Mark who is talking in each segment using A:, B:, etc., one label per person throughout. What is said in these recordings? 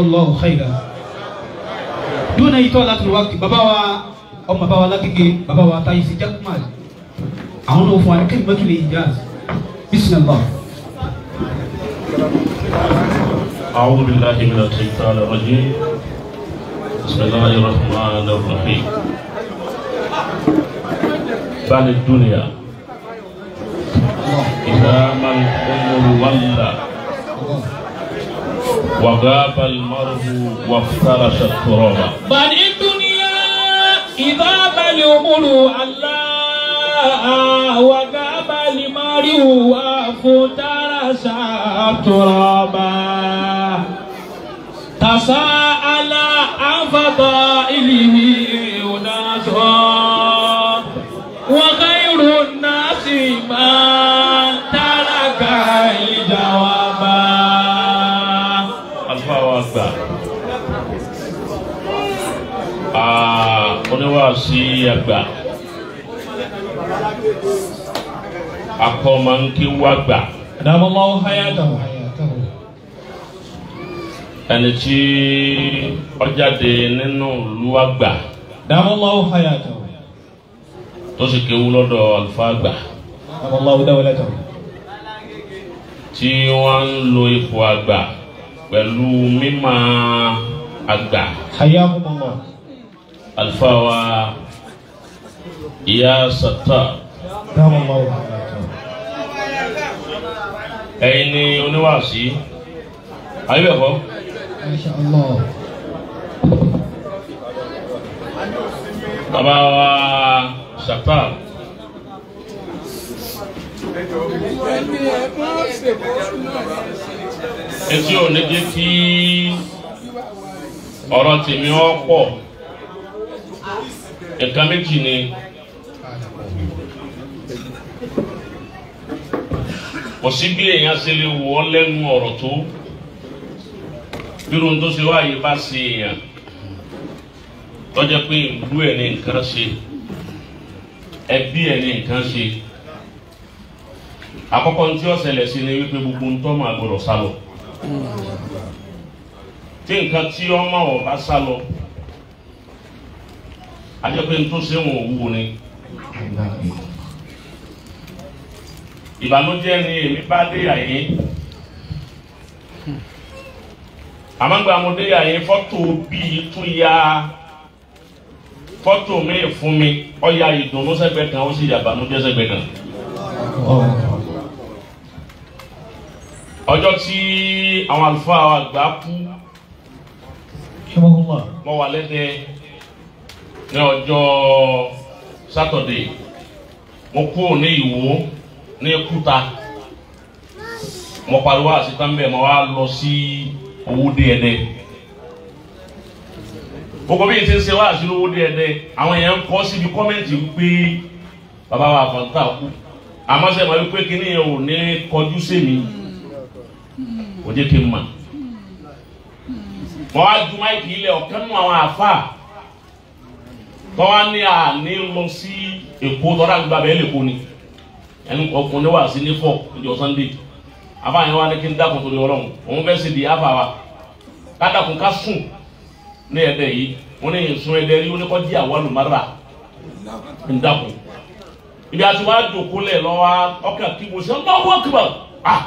A: jazakumullahu khairan dúnà ìtọ́ láti wá bàbá wa ọmọ oh, bàbá wa lágége bàbá wa táyé sí jákèmá àwọn náà fún wa kí ni bá bismillah. أعوذ بالله من الشيطان الرجيم بسم الله الرحمن الرحيم بل الدنيا إذا من الحمر ولى وغاب المرء وافترش التراب بل الدنيا إذا بلغوا الله وغاب المرء وافترش التراب تساءل عن فضائله ينازل oníwàásí àgbà akọ́mọ̀nkéwú àgbà. Adamallahu hayatahu. Ẹni tí ọjáde nínú ìlú àgbà. Adamallahu hayatahu. Tó sì kéwú lọ́dọ̀ àlùfáà àgbà. Adamallahu dawlatahu. Tí wọ́n ń lo ipò àgbà pẹ̀lú mímọ̀ àgbà. Hayakumullah àlùfáà wa ìyá sata ẹ̀yin ni oníwàásí ayébẹ̀kọ́. bàbá wa sata. etí ò ní jẹ́ kí ọ̀rọ̀ tèmi ọ̀ pọ̀. nkà méjì ni ọ sí bí èèyàn sele lè wọ́ lẹ́nu tó bírun tó ṣe wáyé bá ṣe èèyàn pé ìlú ẹ̀ ní nǹkan ṣe ẹbí ẹ̀ ní nǹkan ṣe àkọ́kọ́ ntí ó ṣẹlẹ̀ sí ni wípé gbogbo ntọ́ sálọ ajẹ́pẹ́ ń tún sẹ́wọ̀n òwú ni. ìbànújẹ́ ni èmi bá dé àyè àmọ́gbà mo dé àyè fọ́tò bíi tún ya fọ́tò mi fún mi ọ̀ya ìdùnnú sẹ́gbẹ̀ẹ́ kan ó sì yà ìbànújẹ́ sẹ́gbẹ̀ẹ́ kan. ọjọ́ tí àwọn àlùfáà àgbà kú mo wà lẹ́dẹ̀ẹ́ ní ọjọ́ sátọ̀dé mo kúrò ní ìwó ní kúta mo pariwo àṣetán bẹ́ẹ̀ mo wá lọ sí Owódé Ẹdẹ gbogbo bí n ti ń ṣe wáàsí lówó dẹ́ẹ̀dẹ́ àwọn èèyàn ń kọ́ síbi kọ́mẹ́ǹtì wípé bàbá wa àfọ̀ǹtà kú àmọ́ sẹ́ ma wípé kíní yẹn ò ní kọjú sèmi kò jẹ́ kí n mà. mo wá ju máìkì ilẹ̀ ọ̀kan nù àwọn àfáà tọ́wá ní àní lọ sí èkó tọ́lá gba bẹ́ẹ̀ lè kó ni ẹni ọkùnrin wà sí ní fọ ìjọ sunday àfààní wa ní kí n dákun tó ní ọlọ́run òun fẹ́ sì di àfà wa kádàkùn ká sùn ní ẹ̀dẹ̀ yìí wọ́n ní sun ẹ̀dẹ̀ rí oníkọ́jí àwọlùmọ́ra ń dákun ibi àti wàá jòkó lẹ̀ lọ́wọ́ ọkàn kí mo ṣe ń wọ́n kíbà ah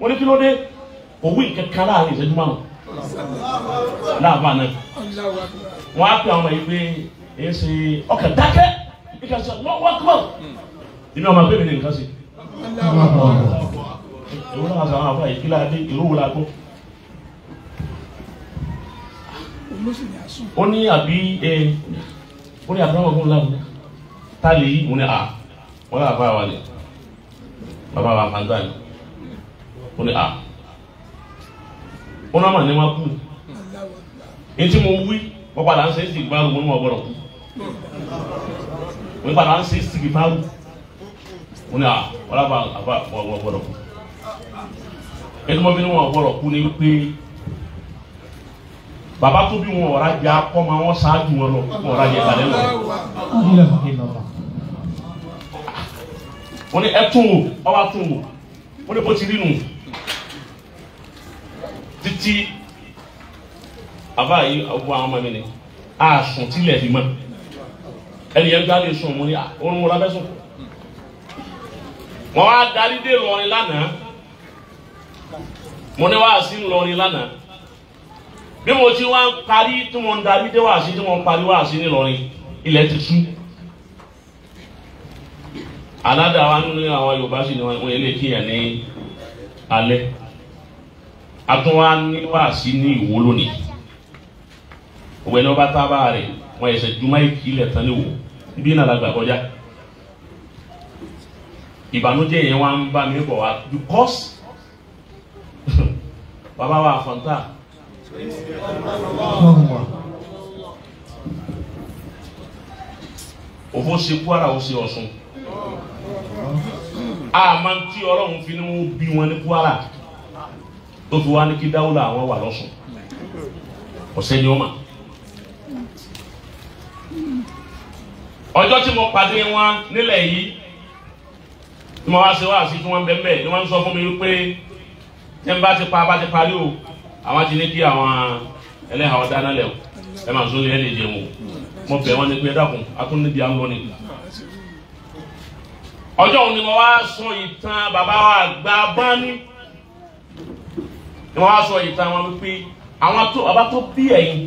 A: wọ́n ah. ní kí ló dé òwe kankan láàrin ìṣẹ́jú náà wọ́n á pè àwọn yìí pé ese ọkà dákẹ́ ìkà sọ wọ́n wọ́n kọ́ inú ọmọ abébìnrin nìkan sí. ìwúlò àwọn àwọn àfọ ìkílà adé ìrówó la gbọ́. ó ní àbí ẹ ó ní àbúrò ọgbọ́n làwọn tá lè yí òun ni à wọ́n yà bá wa lẹ̀ bàbá wa kan gbà ní ó a. à ó náà mà ní wọn kú ní tí mo wí wọ́n padà ń sẹ́yìn sí ìgbà wọn ní wọn gbọ́dọ̀ kú wọn gbàdá ń ṣe sigi o wọn ni wọn àbá àbá wọn gbọ́dọ̀ kú ẹni mọ bí wọn gbọ́dọ̀ kú ni pé bàbá tó bí wọn ọ̀rá jẹ akọ́mọ wọn ṣáájú wọn lọ wọn ọ̀rá jẹ ìbàdàn lọ. wọn ni ẹ tún wò ọba tún o wọn ni bó ti rí nù títí àbá yìí ọgbọ àwọn ọmọ mi ni a sùn tilẹ̀ fi mọ́ ẹni yẹn gbá lè sùn mo ní orun mo lábẹ́ sùn mo wá darí dé lọrin lánàá mo ní wáàsí ńlọrin lánàá bí mo ti wá ń parí tí mo ń darí dé wáàsí tí mo ń parí wáàsí ńlọrin ilẹ̀ ti sùn aládà wa nínú àwọn Yorùbá sì ni wọn yẹn lè kíyàn ní alẹ́ atúnwá ní wáàsí ní ìwó lónìí òwe ní wọn bá tábà rẹ wọn yẹ sẹ jùmọ̀ ìkìlẹ̀ tán ní wò ibi náà la gbà kọjá ìbànújẹ́ yẹn wá ń bá mi bọ̀ wá because bàbá wa àfọ̀ǹtà òfò ṣe Kwara ó ṣe Ọ̀ṣun a máa ń tí ọlọ́run fi ni wọ́n bí wọn ní Kwara tó fi wá ní kí dáwọ́lá àwọn wà lọ́sùn ọ̀sẹ̀ ni wọ́n máa. ọjọ́ tí mo pàdé wọn nílẹ̀ yìí tí mo wá sí wá sí tí wọ́n bẹ́ẹ̀ bẹ́ẹ̀ ni wọ́n sọ fún mi wípé tí n bá ti pa bá ti parí o àwọn ti ní kí àwọn ẹlẹ́hàá ọ̀dá náà lẹ̀ o ẹ máa sún ní ẹ̀ o mo bẹ̀ wọ́n ní pé dákun akúndébí à ń lọ ni. ọjọ́ òní mo wá sọ ìtàn bàbá wa àgbà bání ni mo wá sọ ìtàn wọn wípé àwọn tó bí ẹ̀yìn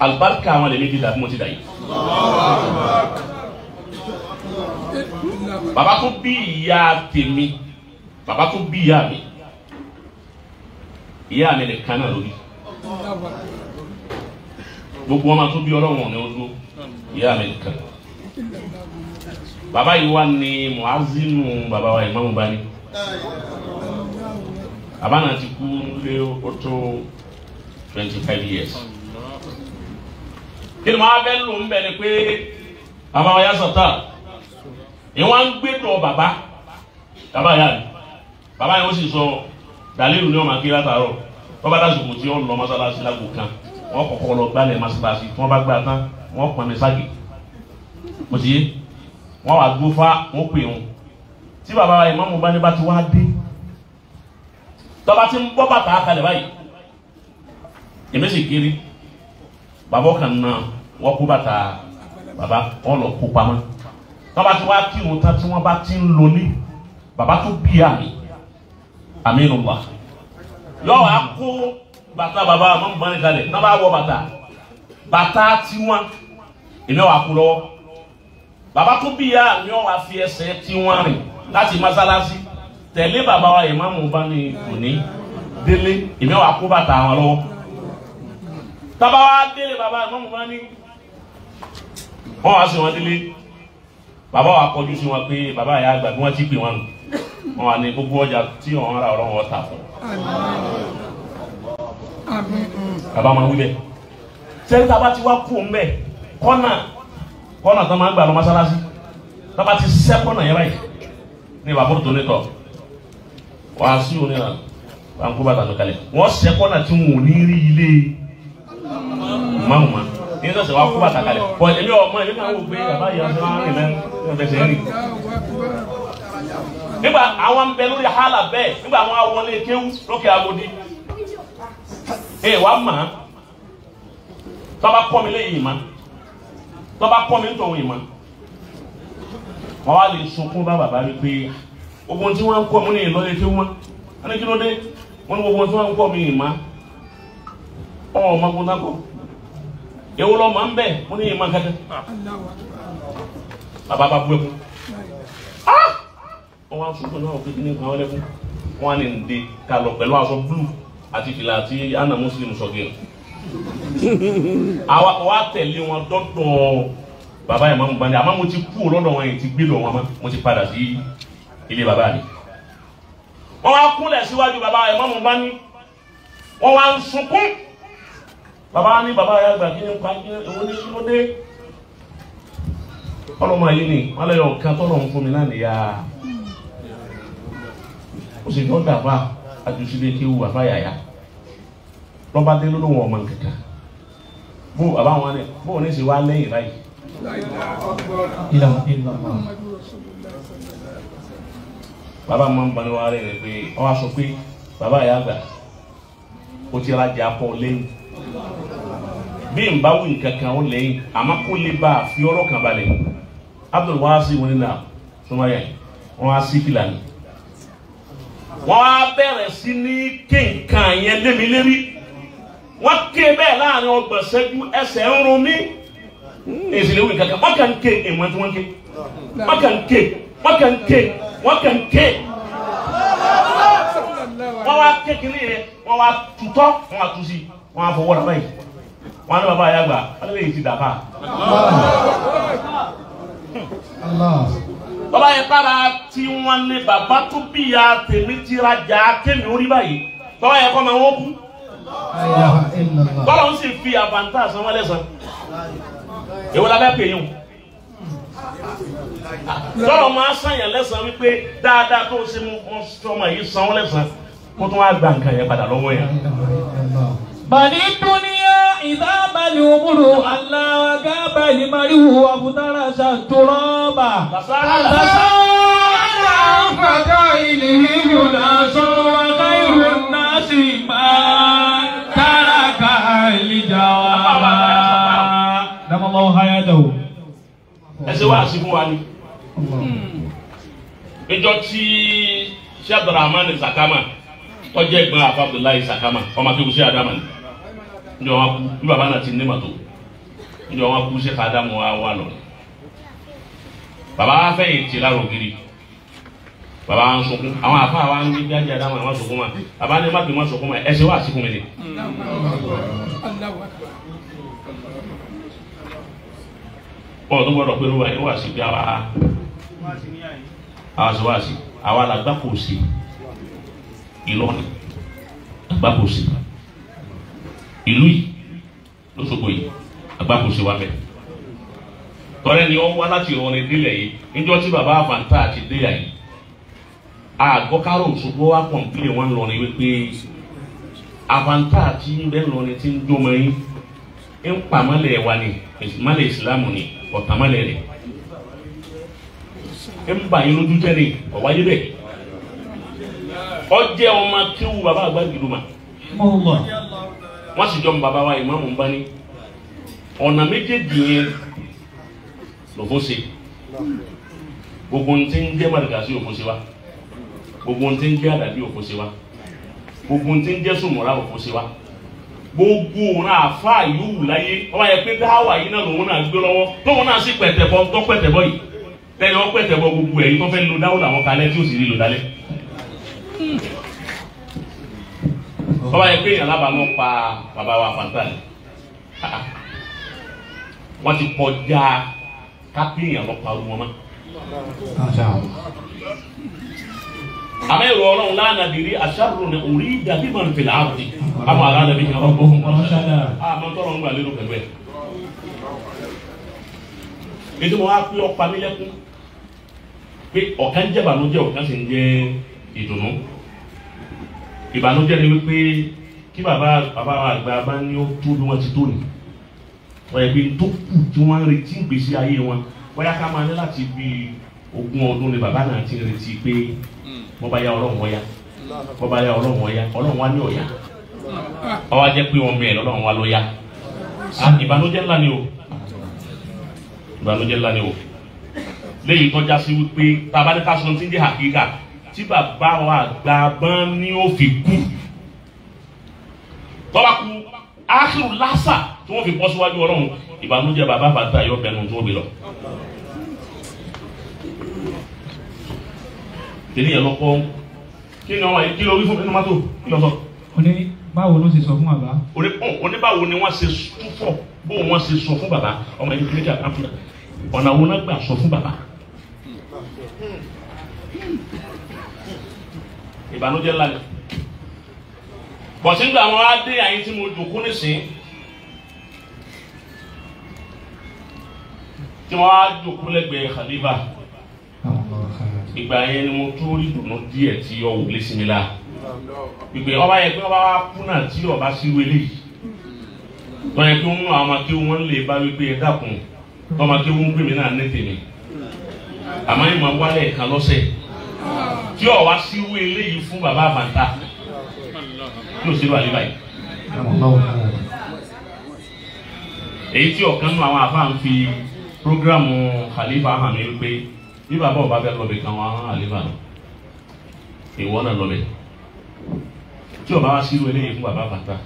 A: alibarika àwọn lèmi ti dàbí mo ti dà yìí. bàbá tó bí ìyá tèmi bàbá tó bí ìyá mi ìyá mi nìkan náà lórí gbogbo ọmọ tó bí ọlọ́run ọ̀nà ojú ìyá mi nìkan bàbá yìí wà ní muhazinu bàbá wa ìmáàmù bá ní bàbá náà ti kú lé ó twenty five years kí ni mo á fẹ́ lò ń bẹ̀ ni pé bàbá wa yá sọ̀tà ìwọ́n ń gbé tọ̀ bàbá bàbá yá mi bàbá yẹn ó sì sọ dàlílù ni wọ́n máa kí látàárọ̀ wọ́n bá dàsùkò tí wọ́n lọ mọ́sálásí lágbo kan wọ́n kọ́kọ́ lọ gbálẹ̀ mọ́sálásí tí wọ́n bá gbá tán wọ́n pọn mi ságì mo ti yé wọ́n wà gbófá wọ́n pè wọn tí bàbá wa ìmáàmù bá ní bá ti wá dé tọ́ba ti ń bọ́ bàtà kalẹ̀ báyìí èmi sì kiri bàbá kan náà wọ́n kó bàtà bàbá wọ́n lọ kó pamọ́ tọ́ba tí wọ́n á kírun tán tí wọ́n bá ti ń lò ní bàbá tó bí àmì àmì nù wá yọ̀ọ́ wá kó bàtà bàbá àmọ́ mọ́ ní kalẹ̀ náà bá wọ bàtà bàtà tiwọn èmi wà kú lọ́wọ́ bàbá tó bí ya àmì ọ̀ wá fi ẹsẹ̀ tiwọn rìn láti mọ́sálásí tẹ̀lé bàbá wa ìmáàmù bá ní òní délé èmi wà kó bàtà àwọn lọ́wọ́ tábà wá délé bàbá ìmọ̀mù máa ní wọ́n wá sí wọn délé bàbá wa kọjú sí wọn pé bàbá yà àgbà bí wọ́n ti pè wọn nù wọn wà ní gbogbo ọjà tí wọn ra ọ̀rọ̀ wọn tà fún. bàbá máa wí bẹ́ẹ̀ sẹ́ni tábà ti wá kú òun bẹ́ẹ̀ kọ́nà kọ́nà tó máa ń gbà lọ mọ́sálásí tábà ti sẹ́ kọ́nà yẹn báyìí ní bàbá tó ní tọ̀ wàá sí òun ń kó bàtà mi kalẹ̀ wọ́n sẹ́ kọ́nà tí wọn ò ní rí ilé yìí mọ́ wọn ní sọ̀sẹ̀ wa kú bàtà kalẹ̀ bọ̀ èmi ọmọ èmi náà wò pé bàbá yìí ọ̀sẹ̀ máa ń rìn náà ọ̀sẹ̀ sẹ́yìn nígbà àwọn ń bẹ lórí hàlà bẹ́ẹ̀ nígbà àwọn awọlé kéwú lókè agodi ẹ wàá mọ̀ án tọ́ba kọ́ mi léyìí mọ́ tọ́ba kọ́ mi ń tọ̀hún wọ́n wá lè sunkún bá bàbá mi pé ogun tí wọ́n ń kọ́ mi ní ìlọ́lẹ̀ kéwú mọ́ wọ́n kí ló dé wọ́n ní gbogbo tí wọ́n ń kọ́ mi yìí oh ma ko nakọ ewu lọ ma n bẹ mo ní ìmọ̀ kankan ah wọn wá sunkún náà pé kíni kan lẹkún wọn ni n de ká lọ pẹ̀lú aṣọ blu àti fìlà àti anna muslim sọgẹ àwa wa tẹ̀lé wọn dọ́dọ̀ bàbá yẹn máa ń gbani àmọ́ mo ti kú lọ́dọ̀ wọn yẹn ti gbé lọ wọn mọ́ mo ti padà sí ilé bàbá mi wọ́n wá kúnlẹ̀ síwájú bàbá yẹn máa ń gbani wọ́n wá ń sunkún bàbá ní bàbá yà gbà kí ni pa kí ni èwo ní kí ló dé ọlọmọ yìí ni wọn lè yọ nǹkan tọrọ ń fún mi náà nìyà ó sì yọ dàbà àjùsílẹ̀ kí wù bàbá yàyà lọ́ba dé ló ló wọn ọmọ nǹkan bó bàbá wọn ni bó ní sì wá lẹ́yìn báyìí ìlànà ìlànà bàbá máa ń bani wàhálà rẹ pé ọ wá sọ pé bàbá yà gbà ó ti rajà pọ̀ lẹ́yìn bí n bá wù nǹkan kan ó lẹ́yìn àmọ́ kó lè bá a fi kan balẹ̀ Abdul Wahasi wọn nà sọmọyà wọn á sí fìlànà wọn á bẹ̀rẹ̀ sí ní kéǹkan yẹn lémilémi wọn ké bẹ́ẹ̀ láàrin ọgbọ̀n ṣẹ́jú ẹsẹ̀ ń rún mí èsìlẹ̀ wù nǹkan kan wọ́n kàn ké èèmọ̀ tí wọ́n ké wọ́n kàn ké wọ́n kàn ké wọ́n kàn ké wọ́n wá kékeré yẹn wọ́n wá tutọ́ wọ́n wá tusi wọ́n wá fọwọ́ báyìí wọn ní bàbá àyàgbà wọn lè ti dàbà. bàbá yẹn tára tí wọn ní bàbá tó bí ya tèmi jira jà kémi orí báyìí bàbá yẹn kọ́ ma wọ́n kú. bọ́lá ń sì fi àbàntà sanwó lẹ́sàn. èwo la bẹ́ pè yín o lọ́rọ̀ máa sàyàn lẹ́sàn-án wípé dáadáa tó ṣe mú ọmọ yìí sanwó lẹ́sàn-án kó tún wá gba nǹkan yẹn padà lọ́wọ́ yẹn. bàní tún ní ìdábàlì òmùrù alágábàlì mariwo àbútárasà tòrọ́bà. Àtàṣà àlà àfàkà ilé ìlú làṣọ wàkà ìrù náà sì máa tàràkà ìlìjà wa. Dàmọ́lá ọ̀há yá dà o. Ẹ ṣe wá sí fún wa ni. Hmm. Ìjọ tí Ṣé Abdulrahman Sakama tọ́jú ẹ̀gbọ́n Abdullahi Sakama ọmọ akéwùsí Adama ni ní wọn kú bí baba náà ti ní màtó ní wọn kú sèkà ádámù wa wà lọ baba wa fẹ́ yìí ti lárò giri baba wa ń sunkún àwọn afa wa ń gbé jáde ádámù wa sunkún ma baba ní ma pè ma sunkún ma ẹsẹ wa sunkún mi ni. wọn tó gbọ́dọ̀ pé wọn wá sí bí àwa àwa sọ wá sí àwa làgbà kò sí Ìlọrin àgbà ìlú yìí lóṣogbo yìí agbákòóso wa mẹ́. ọ̀rẹ́ ni wọ́n wá láti ọ̀rìn délẹ̀ yìí níjọ́ tí bàbá àfàǹtà àti déyà yìí àgọ́kárò Òṣogbo wa kọ̀ǹpilẹ̀ wọn lọ́rin wípé àfàǹtà àti bẹ́ẹ̀ ti ń dómọ yín ń pa mọ́lẹ̀ wa ni mọ́lẹ̀ ìsìlámù ni ọ̀tá mọ́lẹ̀ rẹ̀ ń bà yín lójú jẹ́ ni bẹ́ẹ̀ ọmọ baba àgbà wọ́n sì jọ mu bàbá wa ìmáàmù bá ní ọ̀nà méjèèjì yẹn lòfó ṣe gbogbo ní ti ń jẹ́ màdìgàsí òfó ṣe wa gbogbo ní ti ń jẹ́ àdàbí òfó ṣe wa gbogbo ní ti ń jẹ́ sòmùrà òfó ṣe wa gbogbo òun àfa yòówù láyé ọba yẹ pé dáwà yìí náà lòun náà gbé lọ́wọ́ tóun náà sì pẹ̀tẹ̀ bọ́ tó pẹ̀tẹ̀ bọ́ yìí tẹ́lẹ̀ wọ́n pẹ̀tẹ̀ bọ́ gbogbo ẹ̀yìn tó fẹ́ lo dáwọ́ làwọn kalẹ̀ tí ó sì rí lo dálẹ̀ bàbá yẹn pé èèyàn lábàá ló pa bàbá wa Fantani wọ́n ti kọjá kápẹ́yìn lọ́pàá ọdún wọn mọ́. àmọ́ ìrọ̀ ọlọ́run lánàá bìrì aṣáàrò ní orí dàbí mọ̀n fìlà áwùjì àwọn ará nàbí yẹn rọ́pò fún wọn. àmọ́ tọrọ ń gbà lérò pẹ̀lú ẹ̀. ètò wọn á pín ọ̀pá mi lẹ́kún pé ọ̀kan jẹ́ ọ̀kan sì ń jẹ́ ìdùnnú ìbànújẹ́ ni wípé kí bàbá bàbá àgbà bá ní ó tó bí wọ́n ti tó ni wọ́n yẹ pé tó kù tí wọ́n ń retí ìgbésí ayé wọn bóyá ká máa ní láti bí ogún ọdún ni bàbá náà ti ń retí pé wọ́n hmm. bá yá ọlọ́run ọ̀yá wọ́n bá yá ọlọ́run ọ̀yá ọlọ́run wa ní ọ̀yá ọwọ́ hmm. ajẹ́ pé wọ́n mẹ́rin ọlọ́run wa ló yá ìbànújẹ́ ńlá ni o ìbànújẹ́ ńlá ni o léyìí tọ́já sí wípé tá a bá ní tí bàbá wa àgbà bán ní ó fi kú tọ́ba kú áhìrù lásà tí wọ́n fi bọ́ síwájú ọlọ́run ìbànújẹ́ bàbá bàtà yọ bẹnu tó bí lọ. kìnìún yẹn lọ́kọ́ kí ni ọmọ kí ló wí fún inú mọ́tò kí ló sọ. oní báwo ló ṣe sọ fún bàbá. oní oní báwo ni wọ́n ṣe túfọ̀ bó wọ́n ṣe sọ fún bàbá ọmọ yìí kìnìún kí a kàn fún ọ̀nà wo náà gbà sọ fún bàbá. ìbànújẹ́ ńlá ni bọ̀sí ń gbà wọn á dé àyè tí mo dùnkú nísìn tí wọn á dùnkú lẹ́gbẹ̀ẹ́ khalifa ìgbà yẹn ni mo tó rí dùnú díẹ̀ tí ọ wò lé sí mi la ìgbè ọba yẹ pé ọba kú náà tí ọba sí wẹlé yìí kí wọn mú àwọn akéwọn wọn lè bá wípé ẹ dákun ọmọ akéwọn ń pè náà ní tèmi àmọ́ ìmọ̀ wálẹ̀ kan lọ́sẹ̀ tí ọ̀ wá síwú eléyìí fún bàbá àmàta tí ò sí wà níbàyí. èyí tí ọ̀kan nù àwọn àfáà ń fi prógrámù khalifa hàn mí wípé bí bàbá ọba bẹ lọbẹ kan wọn khalifa nù ìwọ náà lọbẹ tí ọba wá síwú eléyìí fún bàbá àmàta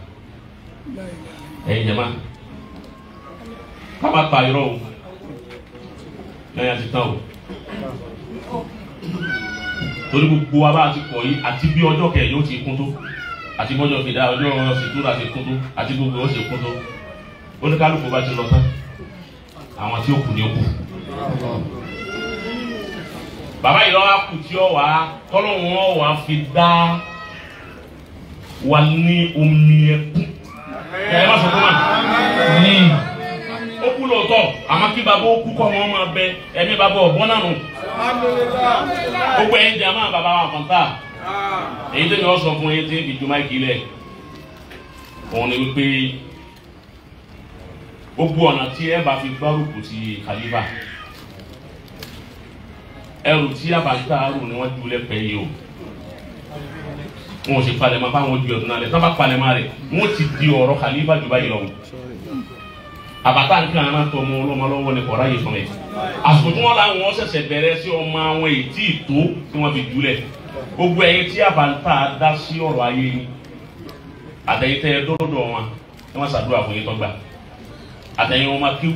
A: ẹ̀yin jẹ̀ma kábà pa irọ́ o lẹ́yìn àti tán o torí gbogbo wa bá ti kọ̀ yìí àti bí ọjọ́ kẹ̀ yóò ti kún tó àti bọ́jọ́ kẹ̀dá ọjọ́ ṣètúrà ti kún tó àti gbogbo ó kún tó oníkálukú bá ti lọ tán àwọn tí ó kù ní ó kù. bàbá yìí lọ́wọ́ kù tí ó wà tọ́lọ́hún ó wà fi dá wa ní omi ẹkún. ẹ má sọ fún wa lóòótọ́ àmọ́ kí bàbá ó kú kọ́ wọn máa bẹ ẹ̀mí bàbá ọ̀bọ́n náà nù. gbogbo ẹ̀yin jàmáà bàbá wa fọ̀ntà ah. èyí tó ní ọ sọ fún yín tí ìjùmọ̀ ìkìlẹ̀ òun ni wípé gbogbo ọ̀nà tí ẹ bá fi gbárùkù ti kàlífà ẹrù tí abàtà arù ni wọ́n ju lẹ́pẹ́ yìí o wọn ò sì palẹ̀mọ́ fáwọn ojú ọ̀dún náà lẹ̀ tí wọ́n bá palẹ̀mọ́ rẹ̀ wọ́n ti di ọ̀rọ̀ kàlífà jù báyìí lọ́wọ́ àbàtà ń kíra máa ń tọ ọmọ ọlọ́mọ lọ́wọ́ ní kọ̀ọ̀rá yìí fún mi àsìkò tí wọ́n láwọn ṣẹ̀ṣẹ̀ bẹ̀rẹ̀ sí ọmọ àwọn ètí ìtó tí wọ́n fi jùlẹ̀ gbogbo ẹ̀yin tí àbàtà dá sí ọ̀rọ̀ ayé yìí àtẹ̀yìntẹ́ dọ́dọ̀ wọn tí wọ́n ṣàdúrà fún yín tọ́gbà àtẹ̀yìn wọn máa kíw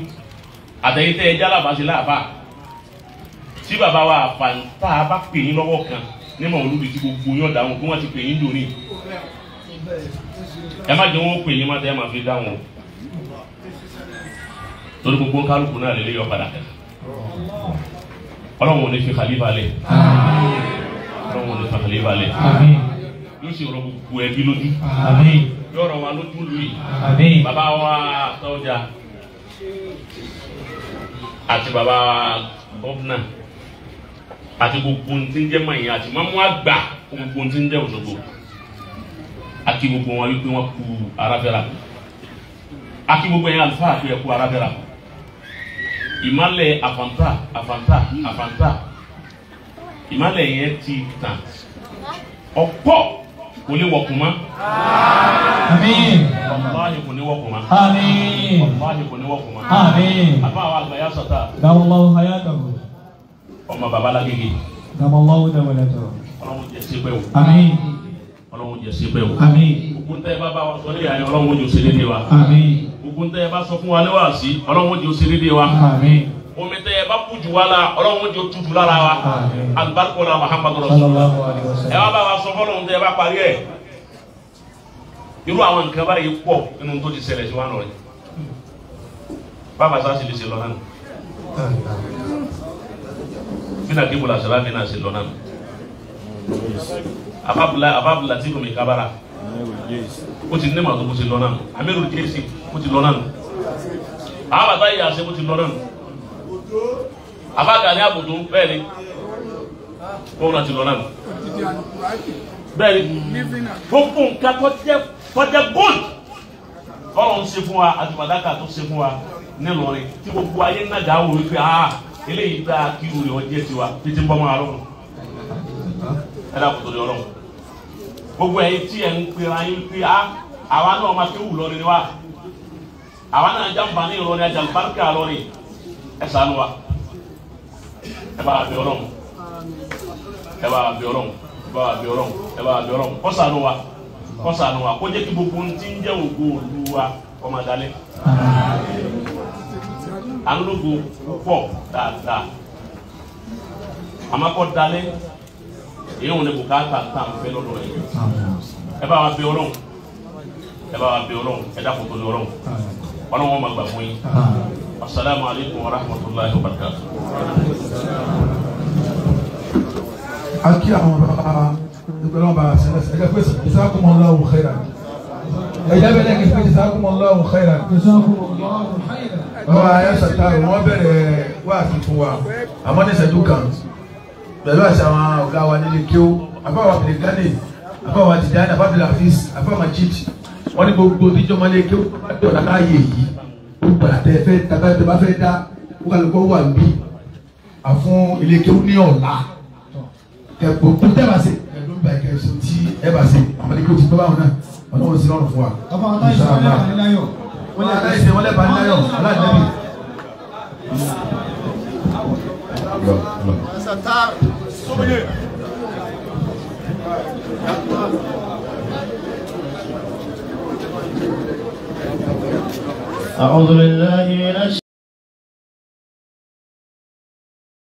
A: àtẹ̀yìntẹ́ jálàbàṣe láàbà tí bàbá wa àbàtà bá pè yín lọ́wọ́ kan nímọ̀ olùdí tí gbogbo yín ọ̀dà wọn kí wọ́n ti pè yín dòní ẹ má jẹ́ wọn ó pè yín má tẹ́ ẹ má fi dá wọn o torí gbogbo kálukú náà lélẹ́yìn ọ̀padà ọlọ́run ò ní fi kàlífà lẹ̀ ọlọ́run ò ní fi kàlífà lẹ̀ yóò ṣe ọ̀rọ̀ gbogbo ẹbí lójú yóò ọ̀rọ̀ wa lójú lu yìí bàbá wa sọ́jà àti bàbá gọ́vnà àti gbogbo ntí ń jẹ́ mọ̀nyìn àti mọ́mú àgbà gbogbo ntí ń jẹ́ òṣogbo àti gbogbo wọn wípé wọn kú arábẹ́ra àti gbogbo yẹn àlùfáà àti ẹ̀kú arábẹ́ra ìmọ̀lẹ̀ àfàǹtà àfàǹtà àfàǹtà ìmọ̀lẹ̀ yẹn ti tàn ọ̀pọ̀ kò lè wọ̀kùn mọ́. àmín. wàláhi kò ní wọ̀kùn mọ́. àmín. wàláhi kò ní wọ̀kùn mọ́. àmín. àbá àwọn àgbàyà sọ̀tà. dàmọ́láwó hayá dàmọ́. ọmọ baba lágége. dàmọ́láwó dàmọ́ lẹ́tọ̀. ọlọ́run jẹ́ sí bẹ́ẹ̀ o. àmín. ọlọ́run jẹ́ sí bẹ́ẹ̀ o. àmín. òkúntẹ́ bàbá wa sọ gbogbo ntẹ ẹ bá sọ fún wa ní wàásí ọlọ́run ó di de dé wa omi tẹ ẹ bá kú jù wá la ọlọ́run ó di òtútù lára wa alibarika ọlọ́run muhammadu rasulillah ẹ wá bá wa sọ fọlọ́run tẹ ẹ bá parí ẹ irú àwọn nǹkan báyìí pọ̀ nínú tó ti ṣẹlẹ̀ sí wa nù rẹ bàbá sá sì lè ṣe lọ náà fina kí mo la sọ̀rọ̀ àfi náà ṣe lọ náà afabula afabula tí kò mi kábàrà o ti ní màtó bó ti lọ náà amiru jésì bó ti lọ náà àwọn bàbá yìí àṣẹ bó ti lọ náà àbáka ní àbùtù bẹ́ẹ̀ ni wọn náà ti lọ náà bẹ́ẹ̀ ni gbogbo nǹkan kọjá gold ọ̀rọ̀ ń ṣe fún wa àtùmọ̀dáka tó ṣe fún wa nílọrin tí gbogbo ayé ń nàgà wò wípé ah eléyìí dáa kí irú rẹ̀ ọjẹ́ tiwa títí bọ́ máa lọ́rùn ẹ̀dá kòtò rẹ̀ gbogbo ẹ̀yin tí ẹ ń pera yín pé a ah, àwa náà máa fi wù lọrin wa àwa náà jàǹfààní ìrọ̀rìn àjàǹfààní àlọ́rin ẹ ṣàánú wa ẹ bá bí Ọlọ́run ẹ bá bí Ọlọ́run ẹ bá bí Ọlọ́run ẹ bá bí Ọlọ́run kó ṣàánú wa kó ṣàánú wa kó jẹ́ kí gbogbo ohun tí ń jẹ́ ògo òlu wa kó máa dalẹ̀ anúlógo púpọ̀ dáadáa àmọ́ kó dalẹ̀ èyí wọn ni bùkátà tá à ń fẹ́ lọ́dọ̀ rẹ̀ ẹ bá wa bẹ ọlọ́run ẹ bá wa bẹ ọlọ́run ẹ dákun tó ní ọlọ́run ọlọ́run wọn máa gbà fún yín asalaamualeykum wa rahmatulahi wa barakatu. a kí àwọn bàbá ìgbẹ́lẹ́ wọn bá sẹ́lẹ̀ sẹ́lẹ̀ pé jazakumullahu khairan ẹ̀jẹ̀ bẹ́ẹ̀ lẹ́yìn pé jazakumullahu khairan. bàbá ayé sàtà wọn bẹ̀rẹ̀ wá àfikún wa àmọ́ ní sẹ́dúkàn pẹ̀lú àṣà àwọn ọ̀gá wa nílé kí ó àbáwá abdulgani àbáwá tijani àbábìlà hafiz àbáwá jid wọn ní gbogbo tíjọ mọlẹ kí ó àti ọ̀nà káyé yìí ó gbàdá tẹ fẹ́ tàbí tẹ bá fẹ́ dá ó kà ló kọ́ wà níbí àfún ilé kí ó ní ọ̀la kẹ̀kọ́ tó tẹ́ bá se ẹ̀dọ́ ìgbà ìkẹ́sọ̀ tí ẹ bá se àmàlẹ́ kí ó ti gbọ́ báwọn náà wọn náà wọ́n ti rọrùn fún Yok. yok. Mesela ta soruyu yapma. أعوذ بالله من